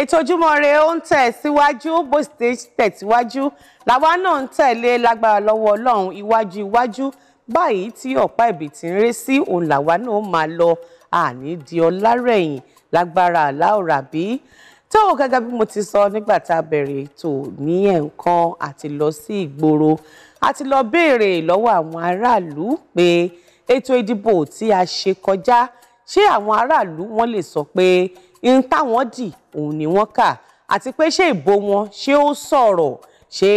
ètò ojúmọ́ rẹ ó ń tẹ̀ síwájú bó sì ti tẹ̀ síwájú làwa náà ń tẹ̀lé lágbára lọ́wọ́ Ọlọ́run iwájú iwájú báyìí tí ọ̀pá ẹ̀bì ti ń ré sí òun làwa náà máa lọ àní di ọlárẹ̀yìn lágbára àláòrà bí tó gẹ́gẹ́ bí mo ti sọ nígbà tá a bẹ̀rẹ̀ ètò ní ẹ̀ǹkan àti lọ sí ìgboro àti lọ béèrè lọ́wọ́ àwọn aráàlú pé ètò ìdìbò tí a ṣe kọjá ṣé àwọn aráàlú wọ́n lè sọ pé ihun táwọn dì òun ni wọ́n kà àti pé ṣé ìbò wọn ṣé ó sọ̀rọ̀ ṣé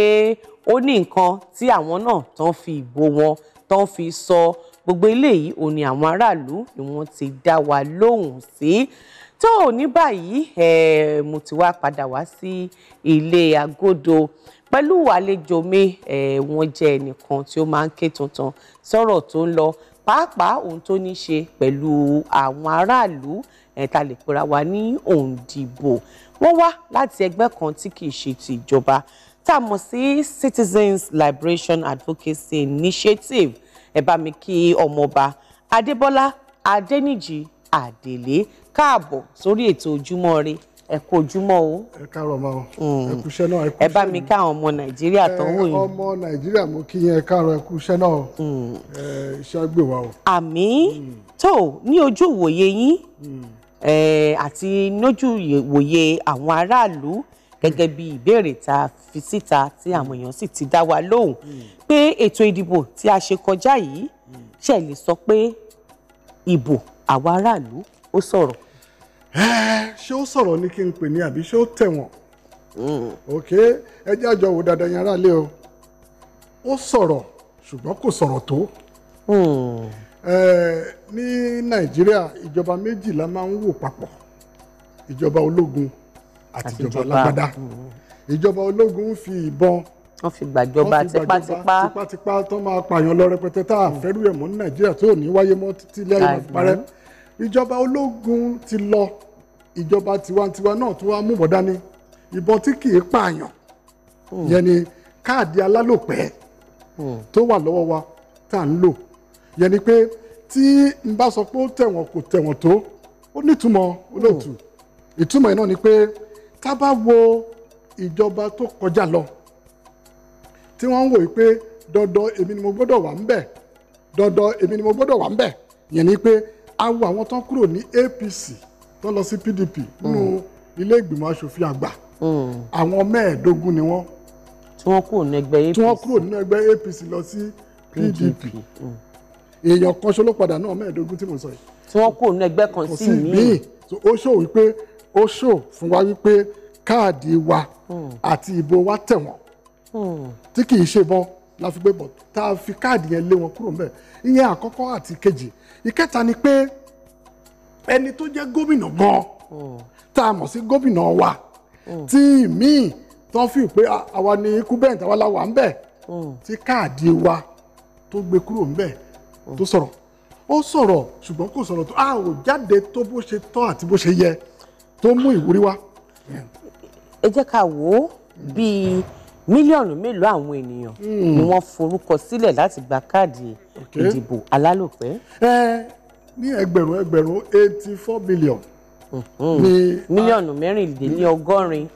ó ní nǹkan tí àwọn náà tán fi ìbò wọn tán fi sọ gbogbo eléyìí òun ni àwọn aráàlú ni wọ́n ti dá wa lóhùn sí tó o ní báyìí ẹ mo ti wá padà wá sí ilé agodo pẹ̀lú àlejò mi ẹ wọ́n jẹ́ ẹnìkan tí ó máa ń ké tuntun sọ̀rọ̀ tó ń lọ pàápàá ohun tó ní ṣe pẹ̀lú àwọn aráàlú ta lè pera wa ní òǹdìbò wọ́n wá láti ẹgbẹ́ kan tí kì í ṣe ti ìjọba tá a mọ̀ sí Citizens Liberation Advocacy Initiative ẹ bá mi kí ọmọọba Adébọ́lá Adéníjì Àdèlé káàbọ̀ sórí ètò Ojúmọ́ Ire ẹ kú ojúmọ́ o. ẹ káàárọ̀ máa hmm. ẹ kú iṣẹ́ náà ẹ kú iṣẹ́ náà. ẹ bá mi ká àwọn ọmọ nàìjíríà tó wò yín. ọmọ nàìjíríà mo kí yín ẹ káàárọ̀ ẹ kú iṣẹ́ náà hmm. iṣẹ́ gbè wá o. àmì hmm. tó ní ojú ìwòye yín Eh, àti nójú ìwòye àwọn aráàlú gẹ́gẹ́ bí ìbéèrè tá a fi síta tí àwọn èèyàn sì ti dá wa lóhùn pé ètò ìdìbò tí a ṣe kọjá yìí ṣe lè sọ pé ìbò àwọn aráàlú ó sọ̀rọ̀. Eh, ṣé ó sọ̀rọ̀ ni kí n pè ní àbí ṣé ó tẹ̀wọ̀n ok ẹ jẹ́ àjọ wò dáadáa yẹn aráàlú o ó sọ̀rọ̀ ṣùgbọ́n kò sọ̀rọ̀ tó. Hmm ní nàìjíríà ìjọba méjìlá máa ń wò papọ̀ ìjọba ológun àti ìjọba alágbádá ìjọba ológun ń fi ìbọn wọ́n fi gbàjọba tipátipá tipátipá tó máa pààyàn lọ rẹpẹtẹ tá a fẹ́rù ẹ̀ mọ́ ní nàìjíríà tó ní wáyé mọ́ títí lẹ́yìn àparẹ́ ìjọba ológun ti lọ ìjọba tiwantiwa náà tó wá mú bọ̀ dání ìbọn tí kì í pààyàn hmm. yẹn ni káàdì alálòpẹ́ hmm. tó wà lọ́wọ́ wa tá à ń lò yẹn ni pé tí n bá sọ pé ó tẹ̀wọ̀n kò tẹ̀wọ̀n tó ó nítumọ̀ olóòtú ìtumọ̀ yẹn náà ni pé tá a bá wo ìjọba tó kọjá lọ tí wọ́n ń wòye pé dandan èmi ni mo gbọ́dọ̀ wà ń bẹ̀ dandan èmi ni mo gbọ́dọ̀ wà ń bẹ̀ yẹn ni pé a wo àwọn tán kúrò ní APC tó lọ sí PDP nínú mm. ilé ìgbìmọ̀ asòfin àgbà mm. àwọn mẹ́ẹ̀ẹ́dógún ni wọ́n. tí wọ́n kúrò nínú APC tí wọ́n kúrò nínú APC lọ sí PDP èèyàn kan ṣó ló padà náà mẹ́ẹ̀ẹ́dógún tí mo sọ yìí. tí wọ́n kò nu ẹgbẹ́ kan sí mi. ó ṣó wípé ó ṣó fún wa wípé káàdì wa hmm. àti ìbò wa tẹ̀ wọ́n hmm. tí kì í ṣe bọ́ la fi gbé bọ̀ tá a fi káàdì yẹn lé wọn kúrò ńbẹ̀ ìyẹn àkọ́kọ́ àti kejì ìkẹta ni pé ẹni tó jẹ́ gómìnà gan hmm. tá a mọ̀ sí gómìnà wa tí míì tó fi pé àwa ni ikú bẹ́ẹ̀ tàwa la wà ń bẹ̀ tí káàdì wa tó gbé kúrò ń bẹ̀ tó sọ̀rọ̀ ó sọ̀rọ̀ ṣùgbọ́n kò sọ̀rọ̀ tó a ò jáde tó bó ṣe tọ́ àti bó ṣe yẹ tó mú ìwúrí wá. ẹ jẹ́ ká wò ó bíi mílíọ̀nù mélòó àwọn ènìyàn ni hmm. wọ́n forúkọ sílẹ̀ láti gba káàdì ìdìbò alálòpẹ́. ẹ ní ẹgbẹ̀rún ẹgbẹ̀rún eighty four billion. Hmm. mílíọ̀nù mẹ́rìnlélọ́gọ́rin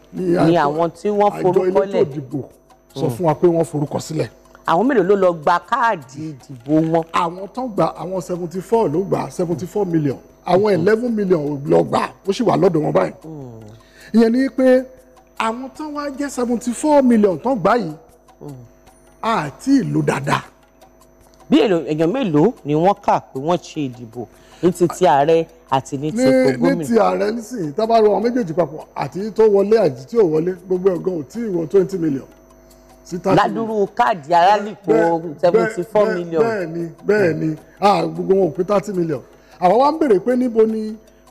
ni àwọn tí wọ́n forúkọ lẹ̀. àjọ elétò ìdìbò sọ fún wa pé wọ́n forúkọ sílẹ̀ àwọn mélòó ló lọ gba káàdì ìdìbò wọn. àwọn tó ń gba àwọn seventy four ló gba seventy four million àwọn eleven million ló gba ó sì wà lọ́dọ̀ wọn báyìí hmm. ìyẹn ni pé àwọn tó wá jẹ́ seventy four million tó gbà yìí àti ìlú dáadáa. bí èèyàn mélòó ni wọ́n kà pé wọ́n ṣe ìdìbò ní ti ti ààrẹ àti ní ti ipò gómìnà. ní ti ààrẹ nísìnyí tá a bá ro àwọn méjèèjì papọ̀ àti tó wọlé àti tí ò wọlé gbogbo ọ̀gán ò tí ì wọ twenty million ládùúrú káàdì alálìpọ̀ seventy four million. bẹ́ẹ̀ni bẹ́ẹ̀ni ah, gbogbo wọn ò pé thirty million àwa wá ń béèrè pé níbo ni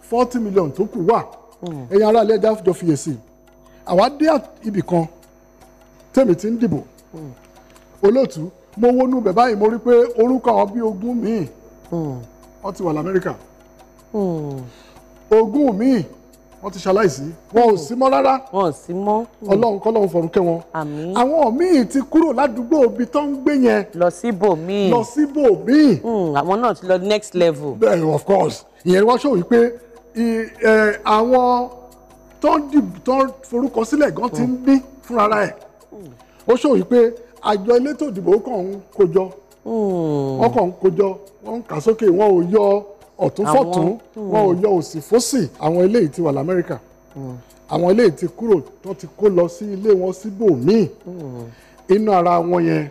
forty million tó kù wà hmm. ẹ̀yin ará ilé ẹja jọ fiyèsí àwa dé ibì kan tèmi ti ń dìbò hmm. olóòtú mo wọnú bẹ̀ báyìí mo rí pé orúkọ àwọn bíi ogún míì hmm. wọ́n ti wà lamẹ́ríkà ogún míì wọ́n ti ṣaláìsí wọn ò sí mọ́ rárá wọn ò sí mọ́ ọlọ́run kọ́lọ́run fọ̀rùn kẹ́ wọn àmín àwọn míì ti kúrò ládùúgbò ibi tó ń gbé yẹn lọ síbò míì lọ síbò míì hmm, àwọn náà ti lọ next level bẹ́ẹ̀ of course ìyẹn wá ṣòwò pé àwọn tó ń forúkọ sílẹ̀ gan ti ń bí fúnra ẹ̀ hmm. ó ṣòwò pé àjọ elétò ìdìbò kàn ń kójọ hmm. wọn kàn ń kójọ wọn ń kà sókè wọn ò yọ ọ̀tún fọ̀tún hmm. wọn ò yọ òsì fósì àwọn eléyìí ti wà lamẹ́ríkà hmm. àwọn eléyìí ti kúrò tó ti kó lọ sí ilé wọn síbòmíì hmm. inú ara wọn yẹn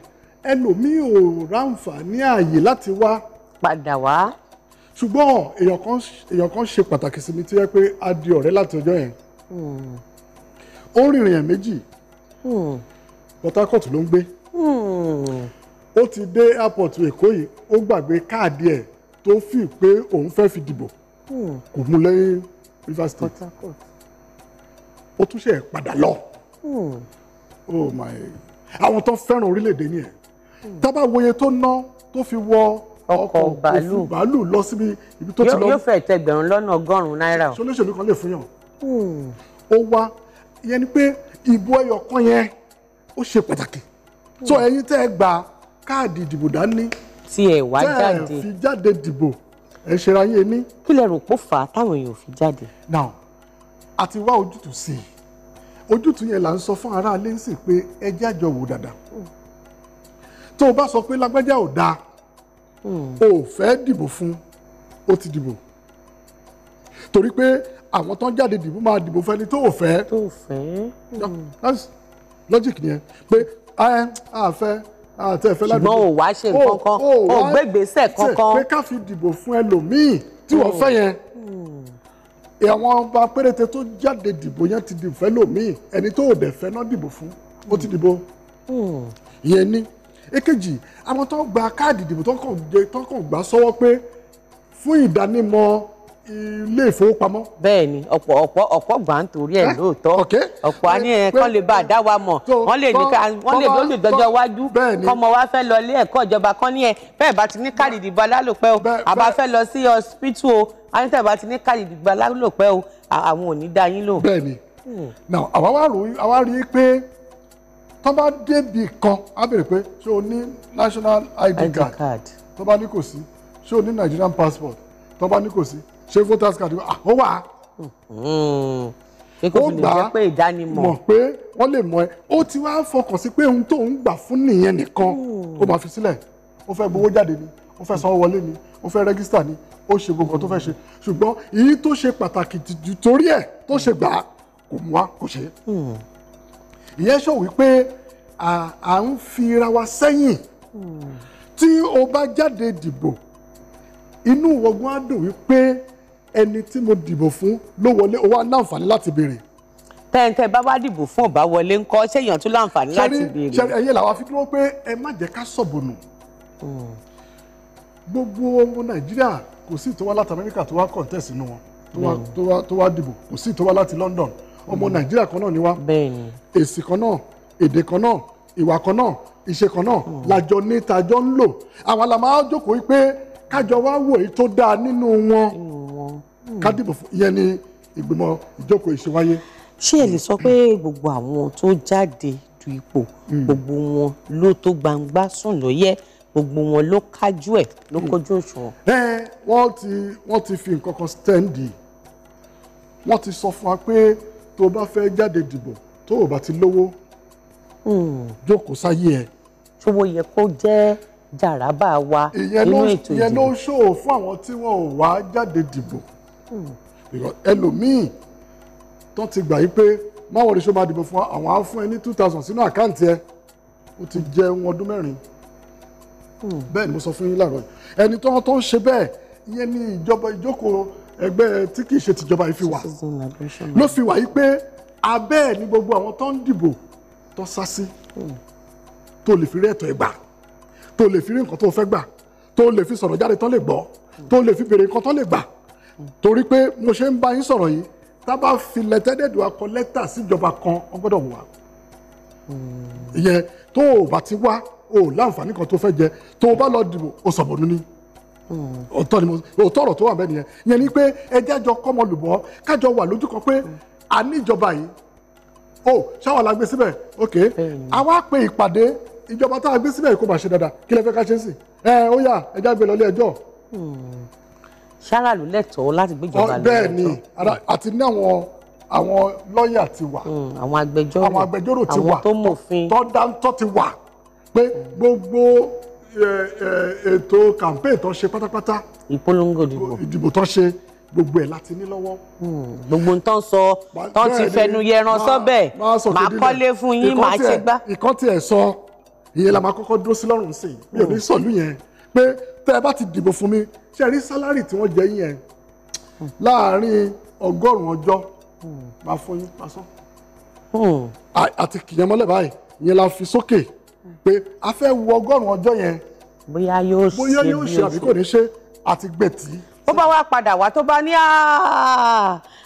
ẹlòmíì ò ráǹfààní ààyè láti wá. padà wá. ṣùgbọ́n èèyàn kan ṣe pàtàkì sí mi tí yẹ pé a di ọ̀rẹ́ láti ọjọ́ yẹn ó rìnrìn ẹ̀ méjì Port Harcourt ló ń gbé ó ti dé airport Èkó yìí ó gbàgbé káàdì ẹ̀ tó fì pé òun fẹ́ fi dìbò hmm. kò mú lẹ́yìn Rivers State ó tún ṣe padà lọ hmm. oh my àwọn tó fẹ́ràn orílẹ̀-èdè nìyẹn hmm. tá bá wòye tó ná tó fi wọ ọkọ̀ bàálù bàálù lọ síbi ibi tó ti lọ. yóò fẹ́ tẹgbẹ̀rún lọ́nà ọgọ́rùn-ún náírà. sọlẹ́sọ̀lù kan lè fún yàn. ó wá ìyẹn ni pé ìbò ẹyọ kan yẹn ó ṣe pàtàkì. so ẹ̀yin tẹ́ ẹ gba káàdì ìdìbò dání tí ẹ wá jáde tẹ́ ẹ fi jáde dìbò ẹ ṣera yín ní. kí lẹ rò pó fà á táwọn èèyàn fi jáde. now a ti wá ojútùú sí i ojútùú yẹn là ń sọ fún aráalé ń sìn pé ẹ jẹ́ àjọ wò dáadáa tó o bá sọ pé lágbájá ò dáa hmm. o ò fẹ́ dìbò fún ó ti dìbò torí pé àwọn tó ń jáde dìbò máa dìbò fẹ́ni tó ò fẹ́. tó ò fẹ́. logic nìyẹn pé ah, eh, a fẹ́ àtẹ̀fẹ́ ládùúgbò ṣùgbọ́n ò wá ṣe nǹkan kan ò gbégbèsè kankan. pé ká fi dìbò fún ẹlòmíì tí wọ́n fẹ́ yẹn hmm. àwọn ọba péréte tó jáde dìbò yẹn ti dìbò fẹ́ lòmíì ẹni tó ò dẹ̀ fẹ́ náà dìbò fún ó ti dìbò hmm. yẹn ni èkejì àwọn tó gba káàdì ìdìbò tó kàn gbà sọ́wọ́ pé fún ìdánimọ̀ ilé ìfowópamọ́. bẹ́ẹ̀ni ọ̀pọ̀ ọ̀pọ̀ ọ̀pọ̀ gbà ń torí ẹ̀ eh, lóòótọ́ ọ̀pọ̀ àní ẹ kọ lè bá a dá wa mọ̀ wọ́n lè ní ká wọ́n lè lóòótọ́ dọjọ́ wájú kọ́mọ wa fẹ́ lọ ilé ẹ̀kọ́ ìjọba kan ní ẹ bẹ́ẹ̀ bá ti ní káàdì ìdìbò alálòpẹ́ o àbá fẹ́ lọ sí ọsibítù o àníta bá ti ní káàdì ìdìbò alálòpẹ́ o àwọn ò ní dá yín lò. bẹ́ẹ̀ni hmm. now àwa rí i pé tó bá débi kan á béèrè pé ṣé o ní national id card tó bá ní kò sí ṣé o ní Nigerian passport tó bá ní kò sí ṣé voters card ó wà pé kò gbà á mọ̀ pé wọ́n lè mọ̀ ẹ́ ó ti wá fọkàn sí pé ohun tó ń gbà fún nìyẹn nìkan ó máa fi sílẹ̀ ó fẹ́ gbowó jáde ni ó fẹ́ sanwó wọlé ni ó fẹ́ rẹ́gísítà ni ó ṣe gbogbo tó fẹ́ ṣe ṣùgbọ́n èyí tó ṣe pàtàkì jù torí ẹ̀ tó ṣe gbà á kò mú wa kò ṣe. ìyẹn ṣò wípé à ń fi ra wa sẹ́yìn tí o bá jáde dìbò inú wọgbọ́n á dùn wípé ẹni tí mo dìbò fún ló wọlé ó wá láǹfààní láti béèrè. tẹ́ǹtẹ́ bá wá dìbò fún ọ̀bá wọlé ńkọ́ ṣéèyàn tún láǹfààní láti béèrè. ṣẹ́rí ẹyẹ làwọn afi dúró pé ẹ má jẹ́ ká sọ̀bùnù. Hmm. gbogbo ọmọ nàìjíríà kò sí ìtọ́wá láti amẹ́ríkà tó wá kọ̀ǹtẹ́sì nù wọn hmm. tó wá dìbò kò sí ìtọ́wá láti london ọmọ hmm. nàìjíríà kan náà ni wá èsì kan náà èdè kan náà ìwà kan náà ìṣe kan náà lájọ ní tajọ ń lò àwọn làmájòkó wípé kájọ wá wò èyí tó dáa nínú wọn ká dìbò fún ìyẹn ní ìgbìmọ̀ ìjókòó ìṣèwáyé. ṣé ẹ lè sọ pé gbogbo àwọn tó jáde du ipò hmm. gbogbo wọn ló tó gbangba sùn lóyẹ gbogbo wọn ló kájú ẹ ló hmm. kọjú òṣùwọ̀n. ẹ wọ́n ti wọ́n ti fi nǹkan kan stẹ́ǹdì wọ́n ti sọ fún wa pé tó o bá fẹ́ jáde dìbò tó o bá ti lówó hmm. jókòó sáyé ẹ. ṣòwò yẹ kó jẹ́ jàràbà wa nínú ètò ìdìbò. ìyẹn ló ṣòwò fún àwọn tí wọn ò wá jáde dìbò because ẹlòmíì tó ti gbà yí pé máwọn oníṣòwò máa dìbò fún àwọn á fún ẹ ní two thousand sínú àkáǹtì ẹ ó ti jẹ ohun ọdún mẹ́rin hmm. bẹ́ẹ̀ ni mo sọ fún yín láàárọ̀ ẹni tó tó ń ṣe bẹ́ẹ̀ ìyẹn ni ìjọba ìjókòó ẹgbẹ́ tí kì í ṣe tìjọba yìí fi wà ló fi wà yí pé abẹ́ ẹ̀ ni gbogbo àwọn tó ń dìbò tó sá sí hmm. tó lè fi rí ẹ̀tọ́ ẹ gbà tó lè fi rí nǹkan tó fẹ́ gbà tó lè fi sọ̀rọ̀ jáde tó lè gbọ́ tó lè fi béèrè nǹkan tó lè gbà torí pé mo ṣe ń bá yín sọ̀rọ̀ yìí tá a bá fi lẹ́tẹ́dẹ̀dù akọ lẹ́tà síjọba kan wọ́n gbọ́dọ̀ wà ìyẹn tó o bá ti wá o láǹfààní kan tó fẹ́ jẹ tó o bá lọ dìbò o sọ̀bọ̀ nínú òótọ́ ni mo òótọ́ ọ̀rọ̀ tó wà bẹ́ẹ̀ nìyẹn yẹn ni pé ẹjẹ́ àjọ kọ́mọlùbọ́ kájọ wà lójú kan pé a ní yìí o ṣáwọn la gbé síbẹ̀ ok àwa pe ìpàdé ìjọba tá a gbé síbẹ̀ kó bá ṣe dáadáa kí lẹ fẹ́ ká ṣe sí ẹ ó yá ẹjẹ́ àgbẹ̀ lọ ẹjọ́ ṣáàlù lẹ́tọ̀ọ́ láti gbéjọba lọ. bẹ́ẹ̀ ni àti ní àwọn àwọn lọ́ọ̀yà ti wà. Hmm, àwọn agbẹjọ́rò àwọn agbẹjọ́rò ti wà àwọn tó mọ̀fin. tó dáńtọ́ ti wà pé gbogbo ètò campaign tó ṣe pátápátá. ìpolongo ìdìbò ìdìbò tó ṣe gbogbo ẹ̀ láti ní lọ́wọ́. Hmm, gbogbo ń tán sọ tán ti fẹnu yẹran sọ́bẹ̀ máa kọ́lé fún yín máa ṣe gbá. ìkan tiẹ̀ sọ ìyẹn la máa kọ́kọ́ dúró sí lọ́rùn sí mi ò ní hmm. sọ̀lú yẹn pé tẹ́ ẹ bá ti dìbò fún mi ṣe rí sálárì tí wọ́n jẹ yín yẹn láàárín ọgọ́rùn-ún ọjọ́ máa fún yín pásán hmm. àti kìyàn mọ́lẹ̀ báyìí yẹn la fi sókè pé a fẹ́ wo ọgọ́rùn-ún ọjọ́ yẹn bóyá yóò ṣe bóyá yóò ṣe àbí kò ní ṣe àti gbẹ̀tì. ó bá wá padà wá tó bá ní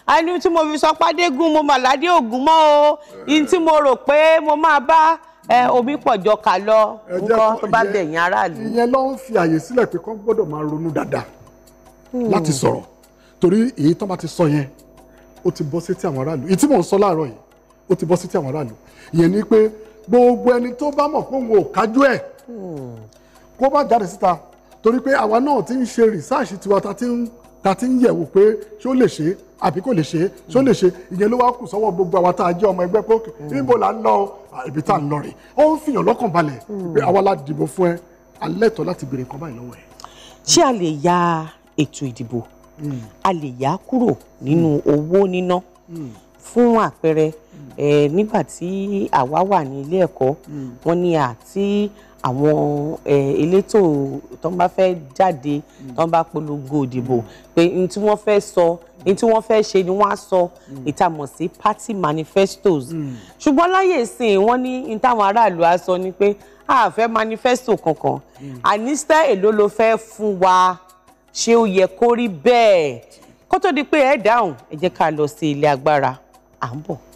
àánú tí mo fi sọ pàdé gún mo mà ládé ògún o ní tí mo rò pé mo máa bá ẹ omi pọ̀ jọ kà lọ nǹkan tó bá bẹ̀yìn aráàlú. ìyẹn ló ń fi àyè sílẹ̀ pé kán gbọ́dọ̀ máa ronú dáadáa hmm. láti sọ̀rọ̀ torí èyí tán bá ti sọ yẹn ó ti bọ́ sétí àwọn aráàlú èyí tí mò ń sọ láàárọ̀ yìí ó ti bọ́ sétí àwọn aráàlú ìyẹn ni pé gbogbo ẹni tó bá mọ̀ pé òun ò kájú ẹ̀ hmm. kó bá jáde síta torí pé àwa náà ti ń ṣe rìsáàṣì tiwa ta ti ń ta ti pé ṣé ó lè ṣe àbí kò lè ṣe ṣé ó lè ṣe ìyẹn ló wá kù sọ́wọ́ gbogbo àwa tá a jẹ́ ọmọ ẹgbẹ́ pé hmm. níbo là ń lọ ibi tá à ń lọ rè ó ń fìyàn lọ́kàn balẹ̀ hmm. pé àwa la dìbò fún ẹ alẹ́tọ̀ láti béèrè nǹkan báyìí lọ́wọ́ ẹ. ṣé a lè ya ètò ìdìbò hmm. a lè yá kúrò nínú hmm. owó níná fún àpẹẹrẹ nígbà tí àwa wà ní ilé ẹ̀kọ́ wọn ní àti àwọn elétò tó ń bá fẹ́ jáde tó ń bá polongo òdìbò pé n tí wọ́n fẹ́ sọ ní tí wọ́n fẹ́ ṣe ni wọ́n á sọ mm. ìtamọ̀ sí party manifestos mm. ṣùgbọ́n láyé ìsìn wọ́n ní ní táwọn aráàlú á sọ ni pé a fẹ́ manifesto kankan mm. àníṣe èló ló fẹ́ fún wa ṣé ó yẹ kó rí bẹ́ẹ̀ kó tó di pé ẹ dáhùn ẹ jẹ́ ká lọ sí ilé agbára à ń bọ̀.